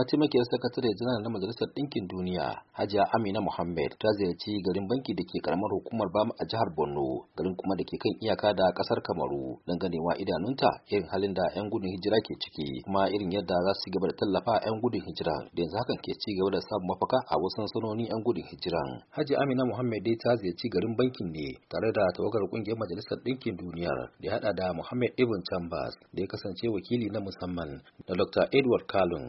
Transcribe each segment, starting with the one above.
mataimakiyar sakatare janar na majalisar ɗinkin duniya hajiya amina muhammad ta ziyarci garin banki da ke karamar hukumar bama a jihar borno garin kuma da ke kan iyaka da ƙasar kamaru don ganewa idanunta irin halin da 'yan gudun hijira ke ciki kuma irin yadda za su gaba da tallafa 'yan gudun hijira da yanzu hakan ke ci gaba da samun mafaka a wasu sansanonin 'yan gudun hijira. hajiya amina muhammad dai ta ziyarci garin bankin ne tare da tawagar ƙungiyar majalisar ɗinkin duniya da ya haɗa da muhammad ibn chambers da ya kasance wakili na musamman da dr edward kalun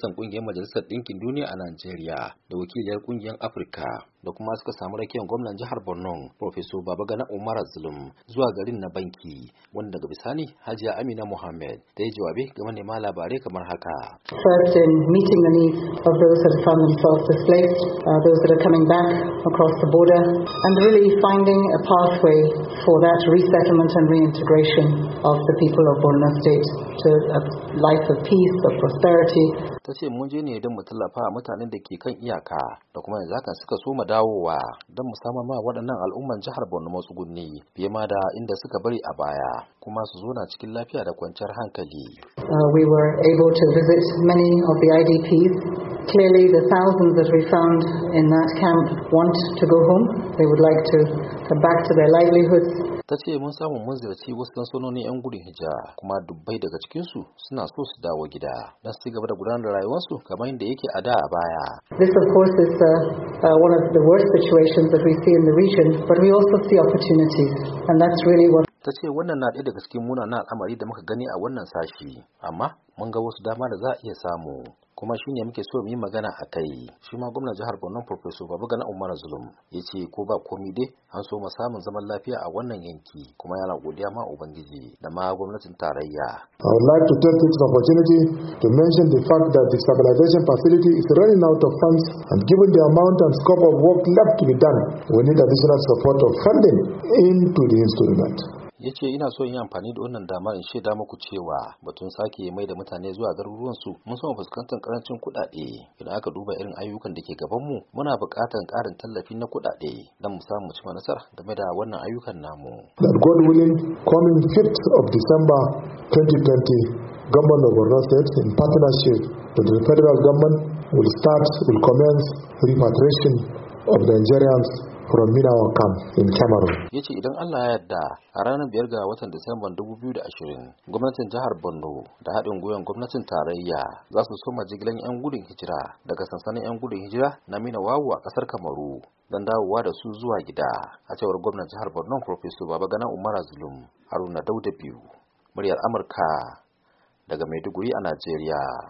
majalisar kungiyar majalisar ɗinkin duniya a Najeriya da wakiliyar kungiyar Afirka da kuma suka samu rakiyar gwamnan jihar borno professor babagana umar zulum zuwa garin na banki wanda daga bisani hajiya amina muhammad ta yi jawabi ga manema labarai kamar haka first in meeting needs of those that have found themselves displaced uh, those that are coming back across the border and really finding a pathway for that resettlement and reintegration of the people of borno state to a life of peace of prosperity ta ce mun je ne don mu tallafa mutanen da ke kan iyaka da kuma yanzu haka suka soma dawowa don mu samar ma waɗannan al'umman jihar Borno matsugunni fiye ma da inda suka bari a baya kuma su zo na cikin lafiya da kwanciyar hankali. Uh, we were able to visit many of the IDPs. Clearly the thousands that we found in that camp want to go home. They would like to come back to their livelihoods. ta ce mun samu mun ziyarci wasu sansanonin 'yan gudun hijira kuma dubbai daga cikinsu suna so su dawo gida don su gaba da gudanar da rayuwarsu kamar yadda yake a da a baya. This of course is uh, uh, one of the worst situations that we see in the region but we also see opportunities and that's really what ta ce wannan na ɗaya daga cikin munana al'amari da muka gani a wannan sashi amma mun ga wasu dama da za a iya samu kuma shi ne muke so mu yi magana a kai shi ma gwamnan jihar borno professor babagana umar zulum ya ce ko ba komi dai an so samun zaman lafiya a wannan yanki kuma yana godiya ma ubangiji da ma gwamnatin tarayya I would like to take this opportunity to mention the fact that the stabilization facility is running out of funds and given the amount and scope of work left to be done, we need additional support of funding into the instrument. ya ce ina so in yi amfani da wannan damar in shaida muku cewa batun sake mai da mutane zuwa garuruwansu mun sama fuskantar karancin kuɗaɗe idan aka duba irin ayyukan da ke gabanmu muna buƙatar ƙarin tallafi na kuɗaɗe don mu samu ci nasara game da wannan ayyukan namu. That God willing, coming 5th of December 2020, Government of Borno State in partnership with the federal government will start, will commence repatriation of the Nigerians from Minawa camp in Cameroon. Ya ce idan Allah ya yarda a ranar biyar ga watan biyu da ashirin, gwamnatin jihar Borno da haɗin gwiwar gwamnatin tarayya za su soma jigilan 'yan gudun hijira daga sansanin 'yan gudun hijira na Minawawu a ƙasar Kamaru don dawowa da su zuwa gida a cewar gwamnan jihar Borno Professor Gana Umar Zulum Haruna Dauda biyu muryar Amurka daga Maiduguri a Najeriya.